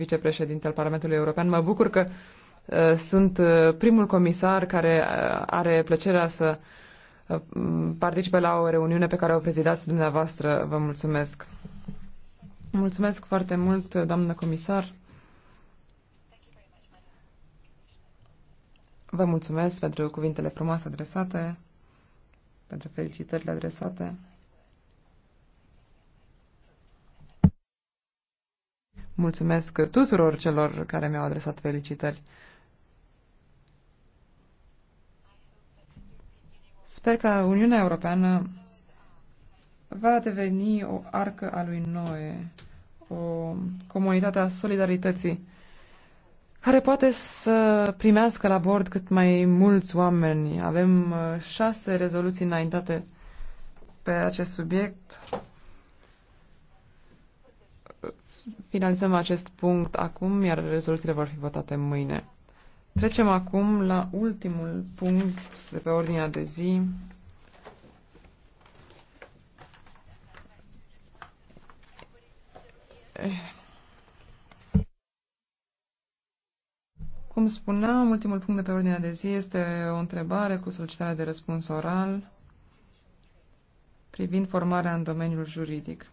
vicepreședinte al Parlamentului European. Mă bucur că uh, sunt uh, primul comisar care uh, are plăcerea să participe la o reuniune pe care o prezidați dumneavoastră. Vă mulțumesc. Mulțumesc foarte mult, doamnă comisar. Vă mulțumesc pentru cuvintele frumoase adresate, pentru felicitările adresate. Mulțumesc tuturor celor care mi-au adresat felicitări. Sper că Uniunea Europeană va deveni o arcă a lui Noe, o comunitate a solidarității, care poate să primească la bord cât mai mulți oameni. Avem uh, șase rezoluții înaintate pe acest subiect. Finalizăm acest punct acum, iar rezoluțiile vor fi votate mâine. Trecem acum la ultimul punct de pe ordinea de zi. Cum spuneam, ultimul punct de pe ordinea de zi este o întrebare cu solicitare de răspuns oral privind formarea în domeniul juridic.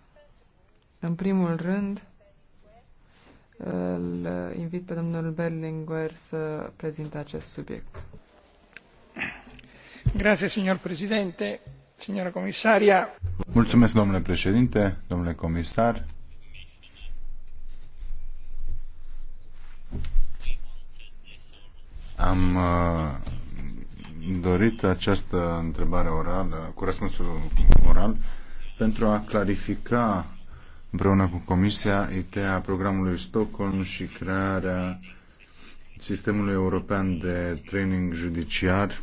În primul rând, îl invit pe domnul Berlinguer să prezinte acest subiect. Grazie, signor președinte, signora comisaria. Mulțumesc, domnule președinte, domnule comisar. Am uh, dorit această întrebare orală, cu răspunsul oral, pentru a clarifica împreună cu Comisia ITEA programului Stockholm și crearea sistemului european de training judiciar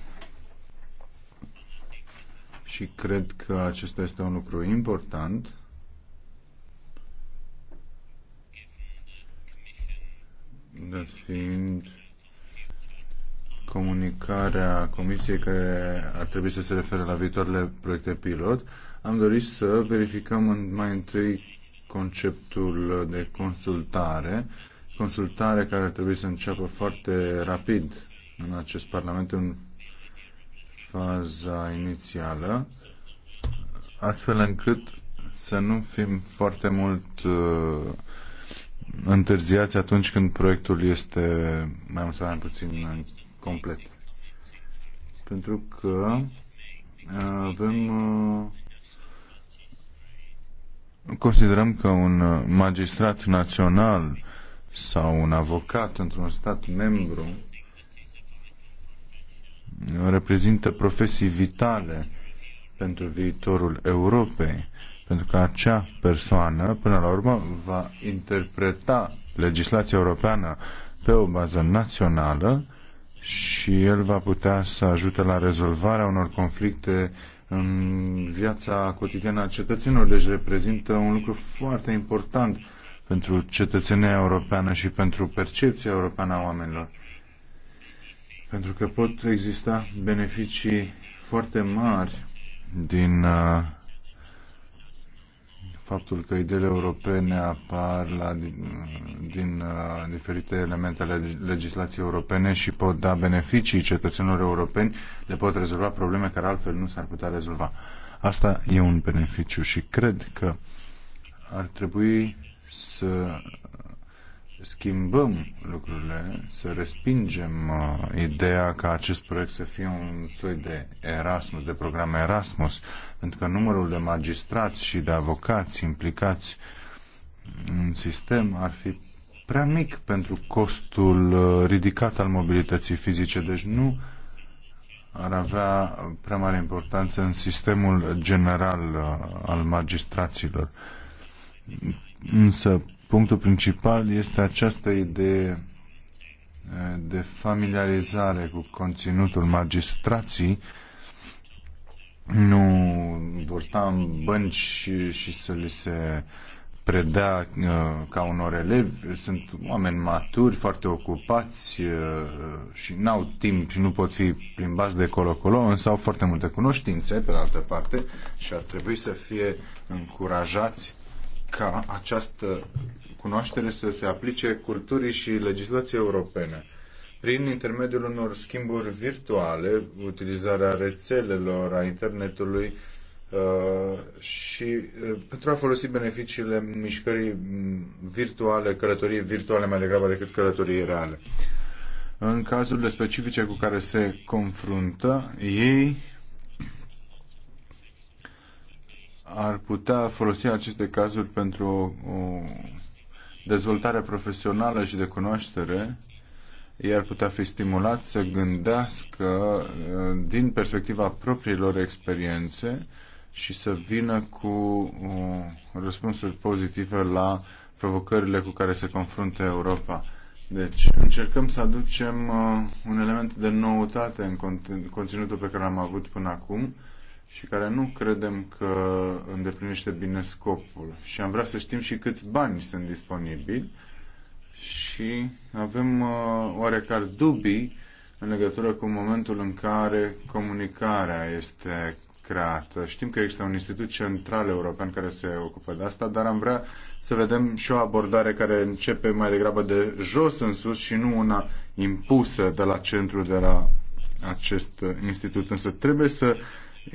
și cred că acesta este un lucru important. Dat fiind comunicarea Comisiei care ar trebui să se refere la viitoarele proiecte pilot, am dorit să verificăm mai întâi conceptul de consultare, consultare care ar trebui să înceapă foarte rapid în acest Parlament, în faza inițială, astfel încât să nu fim foarte mult uh, întârziați atunci când proiectul este mai mult sau mai puțin uh, complet. Pentru că uh, avem uh, considerăm că un uh, magistrat național sau un avocat într-un stat membru reprezintă profesii vitale pentru viitorul Europei, pentru că acea persoană, până la urmă, va interpreta legislația europeană pe o bază națională și el va putea să ajute la rezolvarea unor conflicte în viața cotidiană a cetățenilor, deci reprezintă un lucru foarte important pentru cetățenia europeană și pentru percepția europeană a oamenilor. Pentru că pot exista beneficii foarte mari din uh, faptul că ideile europene apar la, din uh, diferite elemente ale legislației europene și pot da beneficii cetățenilor europeni, le pot rezolva probleme care altfel nu s-ar putea rezolva. Asta e un beneficiu și cred că ar trebui să schimbăm lucrurile, să respingem uh, ideea ca acest proiect să fie un soi de Erasmus, de program Erasmus, pentru că numărul de magistrați și de avocați implicați în sistem ar fi prea mic pentru costul uh, ridicat al mobilității fizice, deci nu ar avea prea mare importanță în sistemul general uh, al magistraților. Însă Punctul principal este această idee eh, de familiarizare cu conținutul magistrații nu vor sta în bănci și, și să li se predea uh, ca unor elevi. Sunt oameni maturi, foarte ocupați uh, și n-au timp și nu pot fi plimbați de colo-colo, însă au foarte multe cunoștințe, pe de altă parte, și ar trebui să fie încurajați ca această cunoaștere să se aplice culturii și legislației europene. Prin intermediul unor schimburi virtuale, utilizarea rețelelor, a internetului uh, și uh, pentru a folosi beneficiile mișcării mm, virtuale, călătorii virtuale mai degrabă decât călătorii reale. În cazurile specifice cu care se confruntă, ei ar putea folosi aceste cazuri pentru o dezvoltare profesională și de cunoaștere, ei ar putea fi stimulați să gândească uh, din perspectiva propriilor experiențe și să vină cu uh, răspunsuri pozitive la provocările cu care se confruntă Europa. Deci, încercăm să aducem uh, un element de noutate în conținutul pe care l-am avut până acum, și care nu credem că îndeplinește bine scopul. Și am vrea să știm și câți bani sunt disponibili și avem uh, oarecare dubii în legătură cu momentul în care comunicarea este creată. Știm că există un institut central european care se ocupă de asta, dar am vrea să vedem și o abordare care începe mai degrabă de jos în sus și nu una impusă de la centru, de la acest institut. Însă trebuie să uh,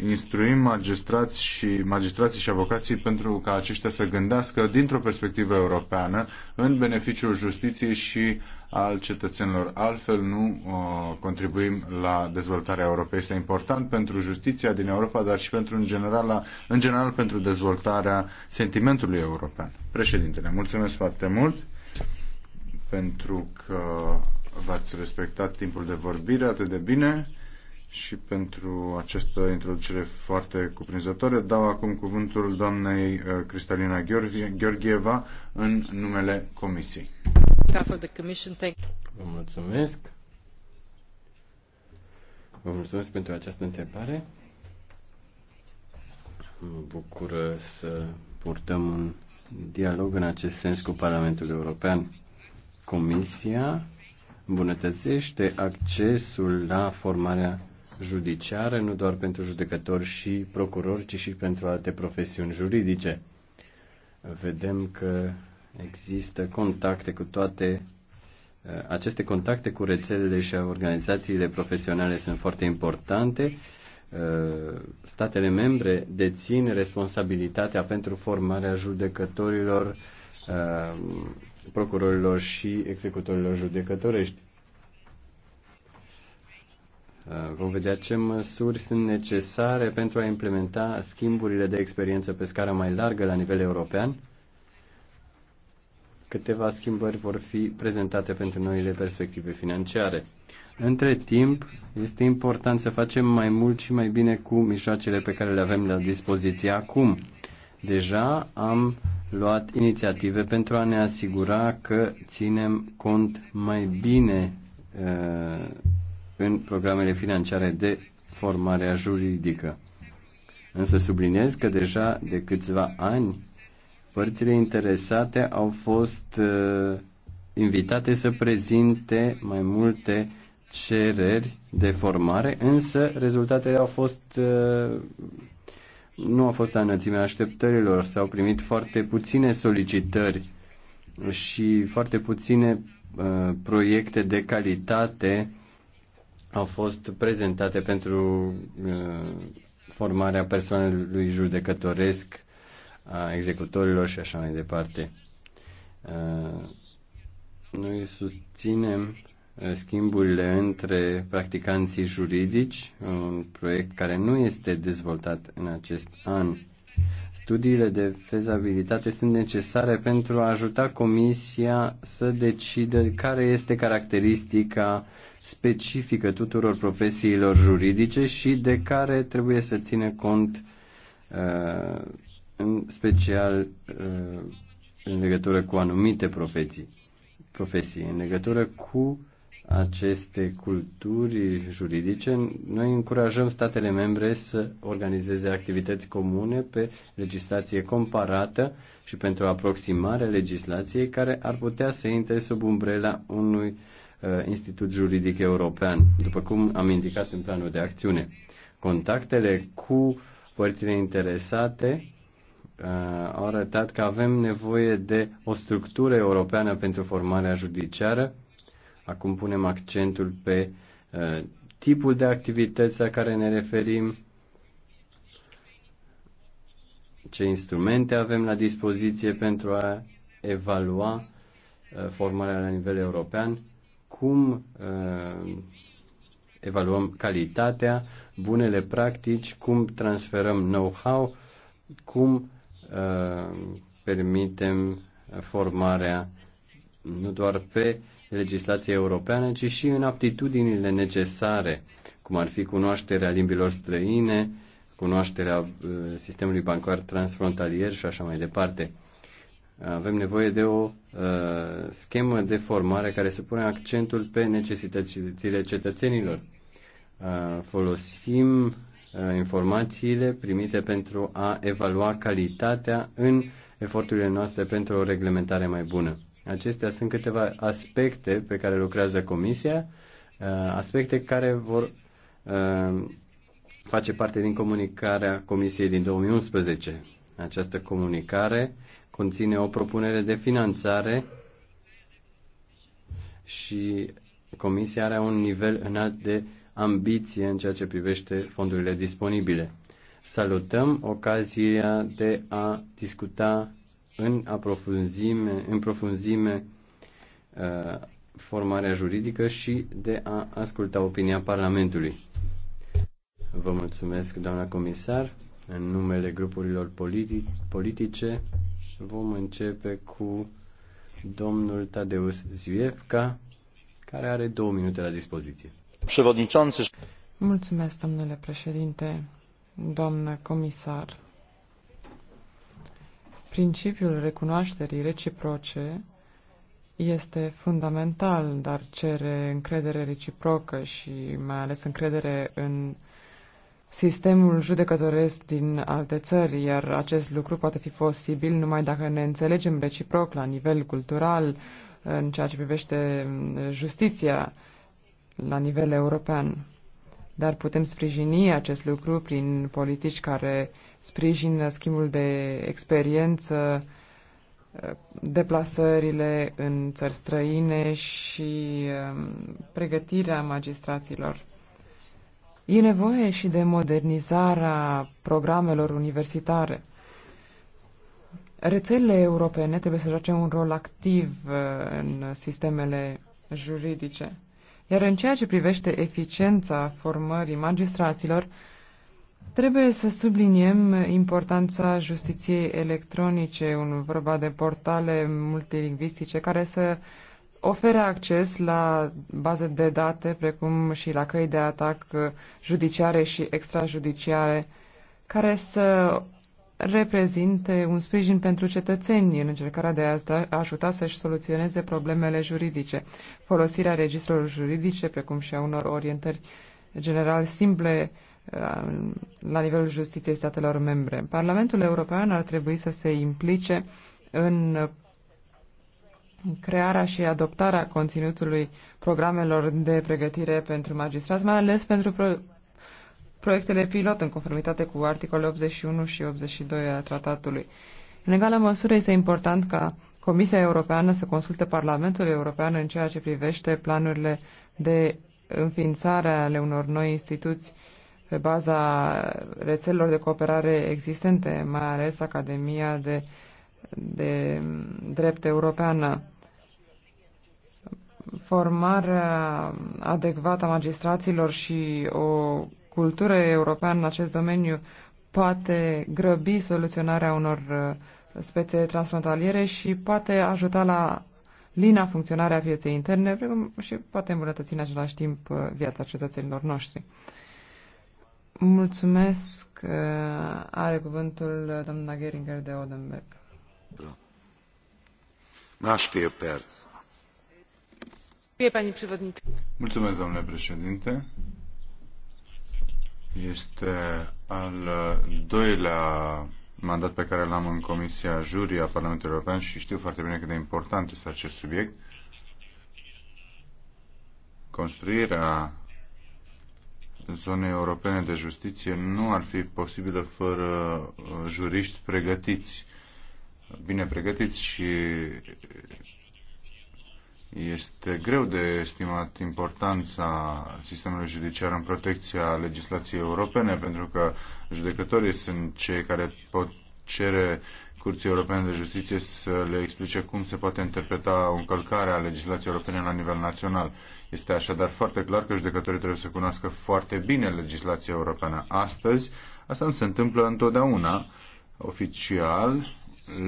instruim magistrați și, magistrații și avocații pentru ca aceștia să gândească dintr-o perspectivă europeană în beneficiul justiției și al cetățenilor. Altfel nu uh, contribuim la dezvoltarea Europei. Este important pentru justiția din Europa, dar și pentru, în, general, la, în general pentru dezvoltarea sentimentului european. Președintele, mulțumesc foarte mult pentru că v-ați respectat timpul de vorbire atât de bine și pentru această introducere foarte cuprinzătoare. Dau acum cuvântul doamnei uh, Cristalina Gheorgheva în numele Comisiei. Vă mulțumesc. Vă mulțumesc pentru această întrebare. Mă bucură să purtăm un dialog în acest sens cu Parlamentul European. Comisia îmbunătățește accesul la formarea judiciară, nu doar pentru judecători și procurori, ci și pentru alte profesiuni juridice. Vedem că există contacte cu toate uh, aceste contacte cu rețelele și organizațiile profesionale sunt foarte importante. Uh, statele membre dețin responsabilitatea pentru formarea judecătorilor, uh, procurorilor și executorilor judecătorești. Uh, vom vedea ce măsuri sunt necesare pentru a implementa schimburile de experiență pe scară mai largă la nivel european. Câteva schimbări vor fi prezentate pentru noile perspective financiare. Între timp, este important să facem mai mult și mai bine cu mijloacele pe care le avem la dispoziție acum. Deja am luat inițiative pentru a ne asigura că ținem cont mai bine uh, în programele financiare de formare juridică. Însă subliniez că deja de câțiva ani părțile interesate au fost uh, invitate să prezinte mai multe cereri de formare, însă rezultatele au fost uh, nu au fost la înălțimea așteptărilor, s-au primit foarte puține solicitări și foarte puține uh, proiecte de calitate au fost prezentate pentru uh, formarea persoanelui judecătoresc, a executorilor și așa mai departe. Uh, noi susținem uh, schimburile între practicanții juridici, un proiect care nu este dezvoltat în acest an. Studiile de fezabilitate sunt necesare pentru a ajuta Comisia să decidă care este caracteristica uh, specifică tuturor profesiilor juridice și de care trebuie să ține cont uh, în special uh, în legătură cu anumite profesii, profesii în legătură cu aceste culturi juridice, noi încurajăm statele membre să organizeze activități comune pe legislație comparată și pentru aproximarea legislației care ar putea să intre sub umbrela unui Uh, Institut Juridic European, după cum am indicat în planul de acțiune. Contactele cu părțile interesate uh, au arătat că avem nevoie de o structură europeană pentru formarea judiciară. Acum punem accentul pe uh, tipul de activități la care ne referim, ce instrumente avem la dispoziție pentru a evalua formarea la nivel european cum uh, evaluăm calitatea, bunele practici, cum transferăm know-how, cum uh, permitem formarea nu doar pe legislația europeană, ci și în aptitudinile necesare, cum ar fi cunoașterea limbilor străine, cunoașterea uh, sistemului bancar transfrontalier și așa mai departe. Avem nevoie de o uh, schemă de formare care să pună accentul pe necesitățile cetățenilor. Uh, folosim uh, informațiile primite pentru a evalua calitatea în eforturile noastre pentru o reglementare mai bună. Acestea sunt câteva aspecte pe care lucrează Comisia, uh, aspecte care vor uh, face parte din comunicarea Comisiei din 2011. Această comunicare conține o propunere de finanțare și Comisia are un nivel înalt de ambiție în ceea ce privește fondurile disponibile. Salutăm ocazia de a discuta în aprofunzime, în profunzime uh, formarea juridică și de a asculta opinia Parlamentului. Vă mulțumesc, doamna comisar în numele grupurilor politice. Vom începe cu domnul Tadeusz Zwiefka, care are două minute la dispoziție. Mulțumesc, domnule președinte, doamnă comisar. Principiul recunoașterii reciproce este fundamental, dar cere încredere reciprocă și mai ales încredere în sistemul judecătoresc din alte țări, iar acest lucru poate fi posibil numai dacă ne înțelegem reciproc la nivel cultural, în ceea ce privește mm, justiția la nivel european. Dar putem sprijini acest lucru prin politici care sprijină schimbul de experiență, eh, deplasările în țări străine și mm, pregătirea magistraților. E nevoie și de modernizarea programelor universitare. Rețelele europene trebuie să joace un rol activ uh, în sistemele juridice. Iar în ceea ce privește eficiența formării magistraților, trebuie să subliniem importanța justiției electronice, un vorba de portale multilingvistice care să ofere acces la baze de date, precum și la căi de atac judiciare și extrajudiciare, care să reprezinte un sprijin pentru cetățeni în încercarea de a ajuta să-și soluționeze problemele juridice. Folosirea registrelor juridice, precum și a unor orientări general simple uh, la nivelul justiției statelor membre. Parlamentul European ar trebui să se implice în crearea și adoptarea conținutului programelor de pregătire pentru magistrați, mai ales pentru pro- proiectele pilot în conformitate cu articolele 81 și 82 a tratatului. În egală măsură este important ca Comisia Europeană să consulte Parlamentul European în ceea ce privește planurile de înființare ale unor noi instituții pe baza rețelelor de cooperare existente, mai ales Academia de de drept europeană. Formarea adecvată a magistraților și o cultură europeană în acest domeniu poate grăbi soluționarea unor uh, spețe transfrontaliere și poate ajuta la lina funcționarea pieței interne și poate îmbunătăți în același timp uh, viața cetățenilor noștri. Mulțumesc. Uh, are cuvântul doamna Geringer de Odenberg. Mulțumesc, domnule președinte. Este al doilea mandat pe care l-am în Comisia juri a Parlamentului European și știu foarte bine cât de important este acest subiect. Construirea zonei europene de justiție nu ar fi posibilă fără uh, juriști pregătiți bine pregătiți și este greu de estimat importanța sistemului judiciar în protecția legislației europene, pentru că judecătorii sunt cei care pot cere Curții Europene de Justiție să le explice cum se poate interpreta o încălcare a legislației europene la nivel național. Este așadar foarte clar că judecătorii trebuie să cunoască foarte bine legislația europeană. Astăzi, asta nu se întâmplă întotdeauna oficial,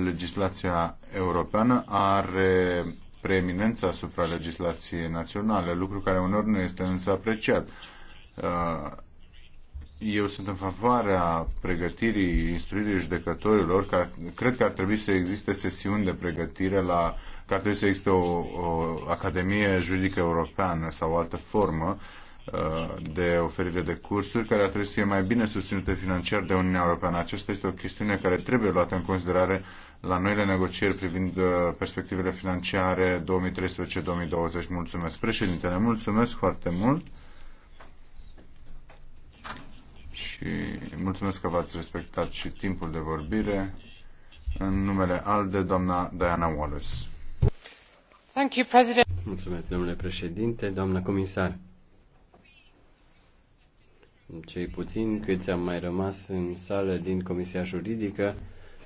legislația europeană are preeminența asupra legislației naționale, lucru care uneori nu este însă apreciat. Uh, eu sunt în favoarea pregătirii, instruirii judecătorilor, care, cred că ar trebui să existe sesiuni de pregătire la, că ar trebui să existe o, o Academie Juridică Europeană sau o altă formă Uh, de oferire de cursuri care ar trebui să fie mai bine susținute financiar de Uniunea Europeană. Aceasta este o chestiune care trebuie luată în considerare la noile negocieri privind uh, perspectivele financiare 2013-2020. Mulțumesc, președintele, mulțumesc foarte mult și mulțumesc că v-ați respectat și timpul de vorbire. În numele ALDE, doamna Diana Wallace. Thank you, President. Mulțumesc, domnule președinte, doamna comisar cei puțini câți am mai rămas în sală din Comisia Juridică,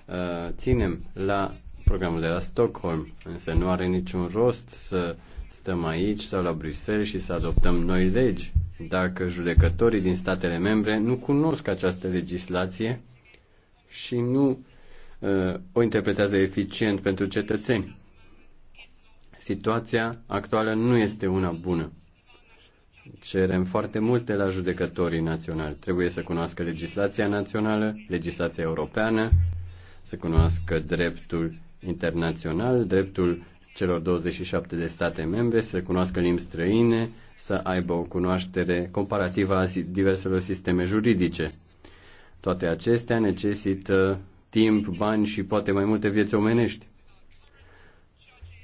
uh, ținem la programul de la Stockholm, însă nu are niciun rost să stăm aici sau la Bruxelles și să adoptăm noi legi dacă judecătorii din statele membre nu cunosc această legislație și nu uh, o interpretează eficient pentru cetățeni. Situația actuală nu este una bună cerem foarte multe la judecătorii naționali. Trebuie să cunoască legislația națională, legislația europeană, să cunoască dreptul internațional, dreptul celor 27 de state membre, să cunoască limbi străine, să aibă o cunoaștere comparativă a diverselor sisteme juridice. Toate acestea necesită timp, bani și poate mai multe vieți omenești.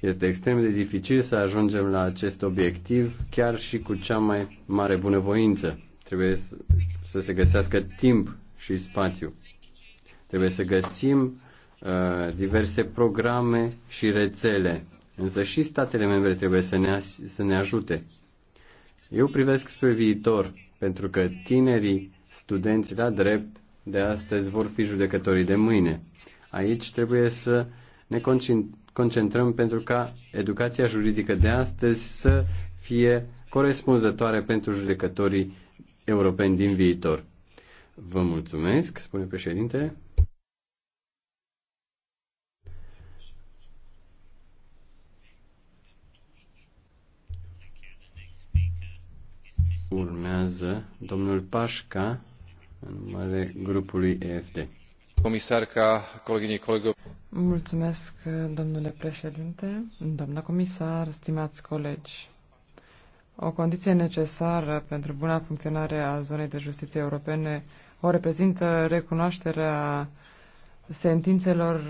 Este extrem de dificil să ajungem la acest obiectiv chiar și cu cea mai mare bunăvoință. Trebuie să se găsească timp și spațiu. Trebuie să găsim uh, diverse programe și rețele. Însă și statele membre trebuie să ne, să ne ajute. Eu privesc spre viitor, pentru că tinerii studenți la drept de astăzi vor fi judecătorii de mâine. Aici trebuie să ne concentrăm pentru ca educația juridică de astăzi să fie corespunzătoare pentru judecătorii europeni din viitor. Vă mulțumesc, spune președinte. Urmează domnul Pașca în numele grupului EFD. Comisarca, colegii, colegii. Mulțumesc, domnule președinte, doamna comisar, stimați colegi. O condiție necesară pentru buna funcționare a zonei de justiție europene o reprezintă recunoașterea sentințelor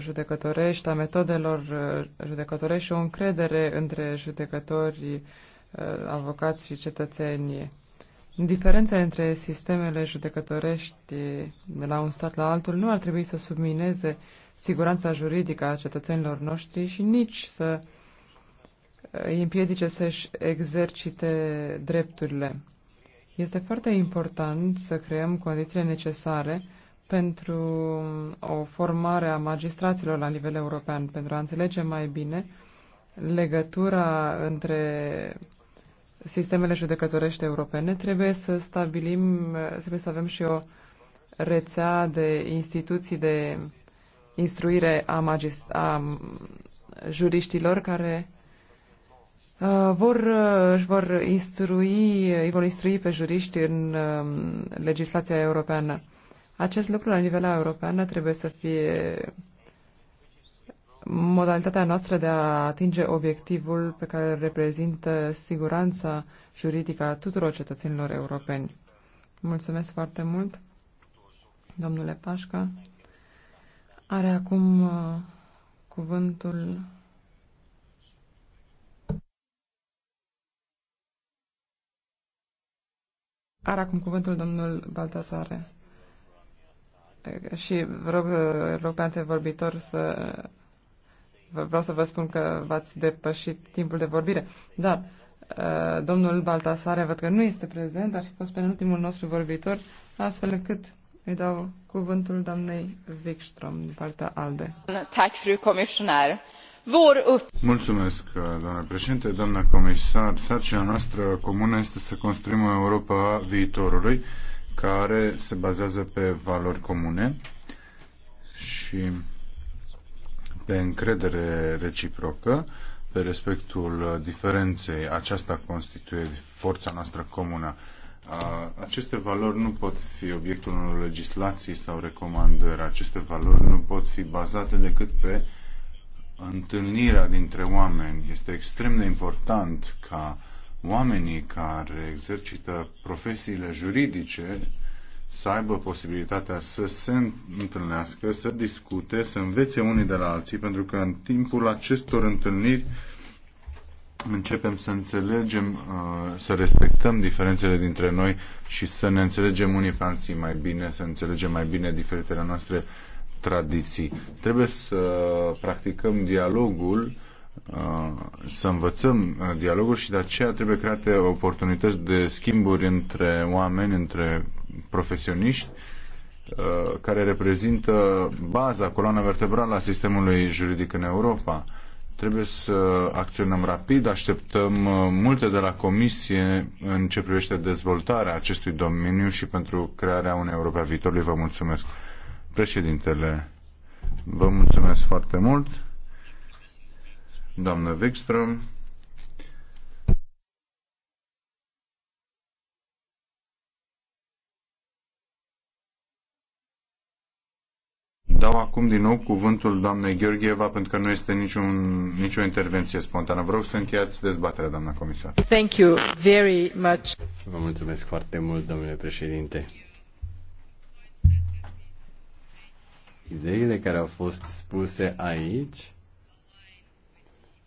judecătorești, a metodelor judecătorești și o încredere între judecători, avocați și cetățeni. Diferența între sistemele judecătorești de la un stat la altul nu ar trebui să submineze siguranța juridică a cetățenilor noștri și nici să uh, îi împiedice să-și exercite drepturile. Este foarte important să creăm condițiile necesare pentru o formare a magistraților la nivel european, pentru a înțelege mai bine legătura între sistemele judecătorești europene, trebuie să stabilim, uh, trebuie să avem și o rețea de instituții de instruire a, magist- a juriștilor care uh, vor, uh, își vor instrui, îi vor instrui pe juriști în um, legislația europeană. Acest lucru la nivel european trebuie să fie modalitatea noastră de a atinge obiectivul pe care reprezintă siguranța juridică a tuturor cetățenilor europeni. Mulțumesc foarte mult, domnule Pașca. Are acum uh, cuvântul Are acum cuvântul domnul Baltasare. Și rog, rog pe antevorbitor să... Vreau să vă spun că v-ați depășit timpul de vorbire, dar uh, domnul Baltasare văd că nu este prezent, ar fi fost pe ultimul nostru vorbitor, astfel încât îi dau cuvântul doamnei Wikström din partea ALDE. fru comisionar. Vor... Mulțumesc, doamna președinte, doamna comisar. Sarcina noastră comună este să construim o Europa viitorului care se bazează pe valori comune și pe încredere reciprocă, pe respectul diferenței. Aceasta constituie forța noastră comună aceste valori nu pot fi obiectul unor legislații sau recomandări. Aceste valori nu pot fi bazate decât pe întâlnirea dintre oameni. Este extrem de important ca oamenii care exercită profesiile juridice să aibă posibilitatea să se întâlnească, să discute, să învețe unii de la alții, pentru că în timpul acestor întâlniri începem să înțelegem, uh, să respectăm diferențele dintre noi și să ne înțelegem unii pe alții mai bine, să înțelegem mai bine diferitele noastre tradiții. Trebuie să practicăm dialogul, uh, să învățăm uh, dialogul și de aceea trebuie create oportunități de schimburi între oameni, între profesioniști, care reprezintă baza, coloana vertebrală a sistemului juridic în Europa Trebuie să acționăm rapid, așteptăm uh, multe de la Comisie în ce privește dezvoltarea acestui domeniu și pentru crearea unei Europe a viitorului. Vă mulțumesc. Președintele, vă mulțumesc foarte mult. Doamnă Wikström. Dau acum din nou cuvântul doamnei Gheorgheva pentru că nu este niciun, nicio intervenție spontană. Vreau să încheiați dezbaterea, doamna comisar. Thank you very much. Vă mulțumesc foarte mult, domnule președinte. Ideile care au fost spuse aici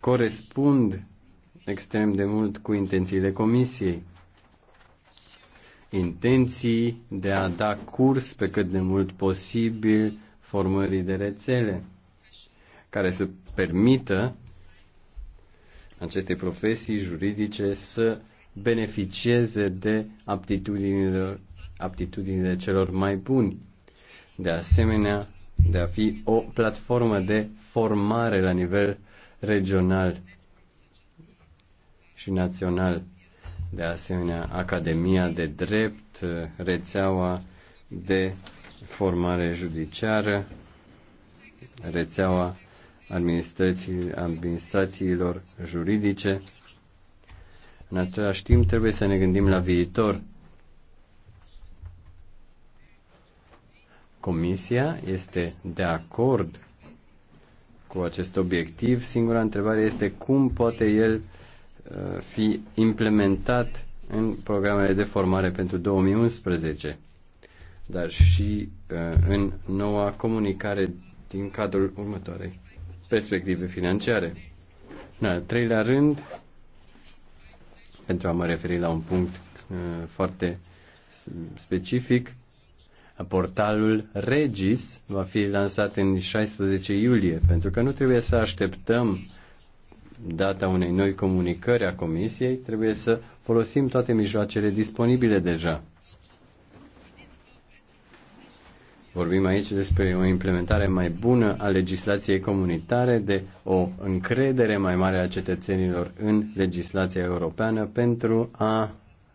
corespund extrem de mult cu intențiile comisiei. Intenții de a da curs pe cât de mult posibil formării de rețele care să permită acestei profesii juridice să beneficieze de aptitudinile, aptitudinile celor mai buni. De asemenea, de a fi o platformă de formare la nivel regional și național. De asemenea, Academia de Drept, rețeaua de formare judiciară, rețeaua administrațiilor juridice. În același timp, trebuie să ne gândim la viitor. Comisia este de acord cu acest obiectiv. Singura întrebare este cum poate el uh, fi implementat în programele de formare pentru 2011 dar și uh, în noua comunicare din cadrul următoarei perspective financiare. În al treilea rând, pentru a mă referi la un punct uh, foarte specific, portalul Regis va fi lansat în 16 iulie, pentru că nu trebuie să așteptăm data unei noi comunicări a Comisiei, trebuie să folosim toate mijloacele disponibile deja. Vorbim aici despre o implementare mai bună a legislației comunitare, de o încredere mai mare a cetățenilor în legislația europeană pentru a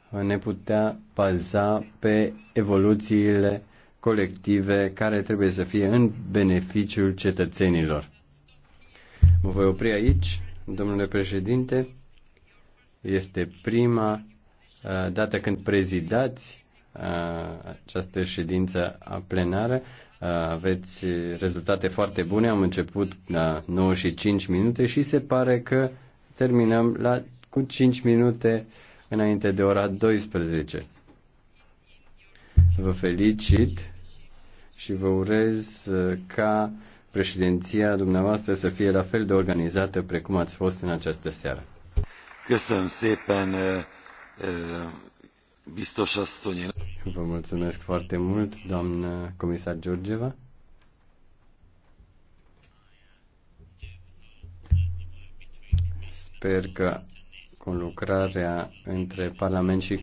ne putea baza pe evoluțiile colective care trebuie să fie în beneficiul cetățenilor. Mă voi opri aici, domnule președinte. Este prima uh, dată când prezidați această ședință a plenară. Aveți rezultate foarte bune. Am început la 9 și 5 minute și se pare că terminăm la, cu 5 minute înainte de ora 12. Vă felicit și vă urez ca președinția dumneavoastră să fie la fel de organizată precum ați fost în această seară. Köszönöm szépen, biztos asszony, Vă mulțumesc foarte mult, doamnă comisar Georgeva. Sper că conlucrarea între Parlament și